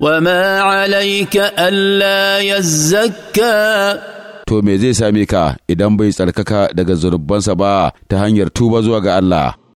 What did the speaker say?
وما عليك ألا يزكى to me zai same ka idan bai tsarkaka daga zunubansa ba ta hanyar tuba zuwa ga Allah